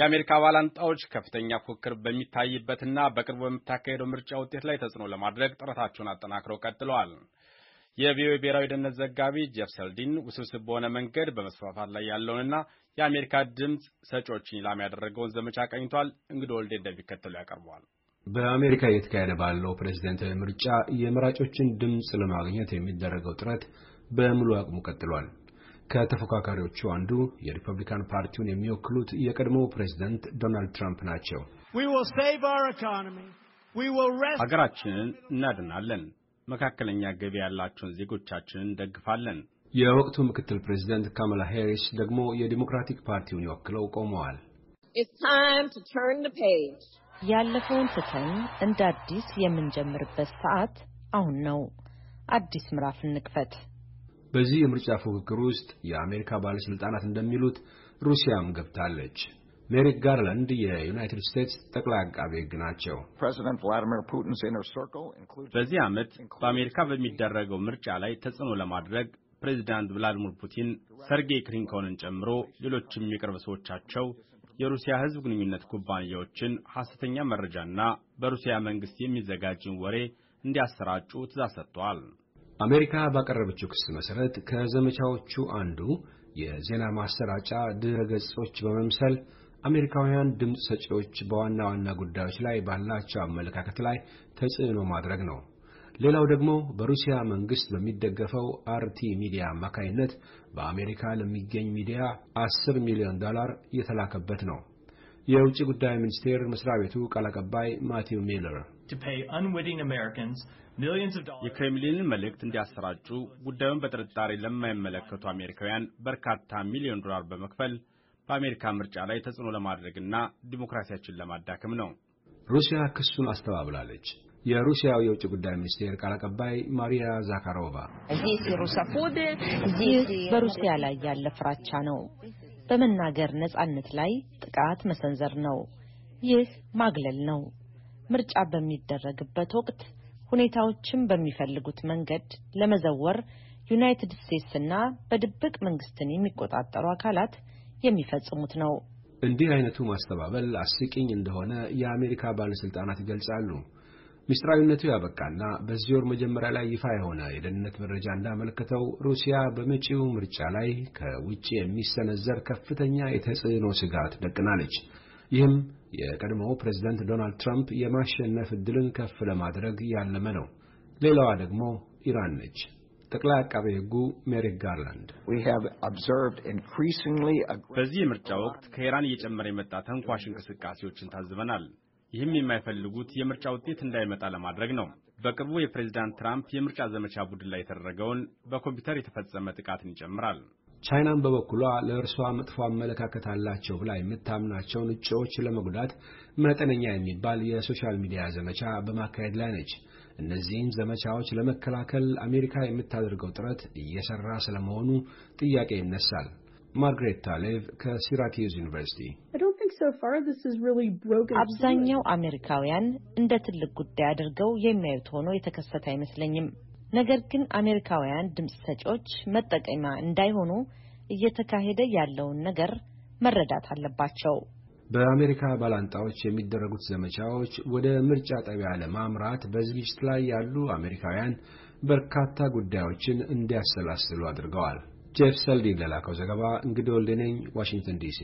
የአሜሪካ ባላንጣዎች ከፍተኛ ፉክክር በሚታይበትና በቅርቡ በምታካሄደው ምርጫ ውጤት ላይ ተጽዕኖ ለማድረግ ጥረታቸውን አጠናክረው ቀጥለዋል። የቪኦኤ ብሔራዊ ደህንነት ዘጋቢ ጀፍ ሰልዲን ውስብስብ በሆነ መንገድ በመስፋፋት ላይ ያለውንና የአሜሪካ ድምፅ ሰጪዎችን ኢላማ ያደረገውን ዘመቻ ቀኝቷል። እንግዲህ ወልዴ እንደሚከተሉ ያቀርበዋል። በአሜሪካ እየተካሄደ ባለው ፕሬዝደንታዊ ምርጫ የመራጮችን ድምፅ ለማግኘት የሚደረገው ጥረት በሙሉ አቅሙ ቀጥሏል። ከተፎካካሪዎቹ አንዱ የሪፐብሊካን ፓርቲውን የሚወክሉት የቀድሞ ፕሬዝደንት ዶናልድ ትራምፕ ናቸው። ሀገራችንን እናድናለን፣ መካከለኛ ገቢ ያላቸውን ዜጎቻችንን እንደግፋለን። የወቅቱ ምክትል ፕሬዝደንት ካማላ ሄሪስ ደግሞ የዲሞክራቲክ ፓርቲውን ወክለው ቆመዋል። ያለፈውን ትተን እንደ አዲስ የምንጀምርበት ሰዓት አሁን ነው። አዲስ ምዕራፍ እንክፈት። በዚህ የምርጫ ፉክክር ውስጥ የአሜሪካ ባለሥልጣናት እንደሚሉት ሩሲያም ገብታለች። ሜሪክ ጋርላንድ የዩናይትድ ስቴትስ ጠቅላይ አቃቤ ሕግ ናቸው። በዚህ ዓመት በአሜሪካ በሚደረገው ምርጫ ላይ ተጽዕኖ ለማድረግ ፕሬዚዳንት ቭላዲሚር ፑቲን ሰርጌይ ክሪንኮንን ጨምሮ ሌሎችም የቅርብ ሰዎቻቸው የሩሲያ ሕዝብ ግንኙነት ኩባንያዎችን ሐሰተኛ መረጃና በሩሲያ መንግሥት የሚዘጋጅን ወሬ እንዲያሰራጩ ትእዛዝ ሰጥቷል። አሜሪካ ባቀረበችው ክስ መሠረት ከዘመቻዎቹ አንዱ የዜና ማሰራጫ ድረ ገጾች በመምሰል አሜሪካውያን ድምፅ ሰጪዎች በዋና ዋና ጉዳዮች ላይ ባላቸው አመለካከት ላይ ተጽዕኖ ማድረግ ነው። ሌላው ደግሞ በሩሲያ መንግስት በሚደገፈው አርቲ ሚዲያ አማካኝነት በአሜሪካ ለሚገኝ ሚዲያ 10 ሚሊዮን ዶላር እየተላከበት ነው። የውጭ ጉዳይ ሚኒስቴር መስሪያ ቤቱ ቃል አቀባይ ማቲው ሚለር የክሬምሊንን መልእክት እንዲያሰራጩ ጉዳዩን በጥርጣሬ ለማይመለከቱ አሜሪካውያን በርካታ ሚሊዮን ዶላር በመክፈል በአሜሪካ ምርጫ ላይ ተጽዕኖ ለማድረግና ዲሞክራሲያችን ለማዳከም ነው። ሩሲያ ክሱን አስተባብላለች። የሩሲያው የውጭ ጉዳይ ሚኒስቴር ቃል አቀባይ ማሪያ ዛካሮቫ ይህ በሩሲያ ላይ ያለ ፍራቻ ነው፣ በመናገር ነጻነት ላይ ጥቃት መሰንዘር ነው። ይህ ማግለል ነው። ምርጫ በሚደረግበት ወቅት ሁኔታዎችን በሚፈልጉት መንገድ ለመዘወር ዩናይትድ ስቴትስ እና በድብቅ መንግስትን የሚቆጣጠሩ አካላት የሚፈጽሙት ነው። እንዲህ አይነቱ ማስተባበል አስቂኝ እንደሆነ የአሜሪካ ባለሥልጣናት ይገልጻሉ። ሚስጥራዊነቱ ያበቃና በዚህ ወር መጀመሪያ ላይ ይፋ የሆነ የደህንነት መረጃ እንዳመለከተው ሩሲያ በመጪው ምርጫ ላይ ከውጭ የሚሰነዘር ከፍተኛ የተጽዕኖ ስጋት ደቅናለች። ይህም የቀድሞው ፕሬዝደንት ዶናልድ ትራምፕ የማሸነፍ እድልን ከፍ ለማድረግ ያለመ ነው። ሌላዋ ደግሞ ኢራን ነች። ጠቅላይ አቃቤ ሕጉ ሜሪክ ጋርላንድ በዚህ የምርጫ ወቅት ከኢራን እየጨመረ የመጣ ተንኳሽ እንቅስቃሴዎችን ታዝበናል። ይህም የማይፈልጉት የምርጫ ውጤት እንዳይመጣ ለማድረግ ነው። በቅርቡ የፕሬዚዳንት ትራምፕ የምርጫ ዘመቻ ቡድን ላይ የተደረገውን በኮምፒውተር የተፈጸመ ጥቃትን ይጨምራል። ቻይናን በበኩሏ ለእርሷ መጥፎ አመለካከት አላቸው ብላ የምታምናቸውን እጩዎች ለመጉዳት መጠነኛ የሚባል የሶሻል ሚዲያ ዘመቻ በማካሄድ ላይ ነች። እነዚህን ዘመቻዎች ለመከላከል አሜሪካ የምታደርገው ጥረት እየሰራ ስለመሆኑ ጥያቄ ይነሳል። ማርግሬት ታሌቭ ከሲራኪዩዝ ዩኒቨርሲቲ አብዛኛው አሜሪካውያን እንደ ትልቅ ጉዳይ አድርገው የሚያዩት ሆኖ የተከሰተ አይመስለኝም። ነገር ግን አሜሪካውያን ድምፅ ሰጪዎች መጠቀሚያ እንዳይሆኑ እየተካሄደ ያለውን ነገር መረዳት አለባቸው። በአሜሪካ ባላንጣዎች የሚደረጉት ዘመቻዎች ወደ ምርጫ ጣቢያ ለማምራት በዝግጅት ላይ ያሉ አሜሪካውያን በርካታ ጉዳዮችን እንዲያሰላስሉ አድርገዋል። ጄፍ ሰልዲን ለላከው ዘገባ እንግዲህ ወልዴ ነኝ ዋሽንግተን ዲሲ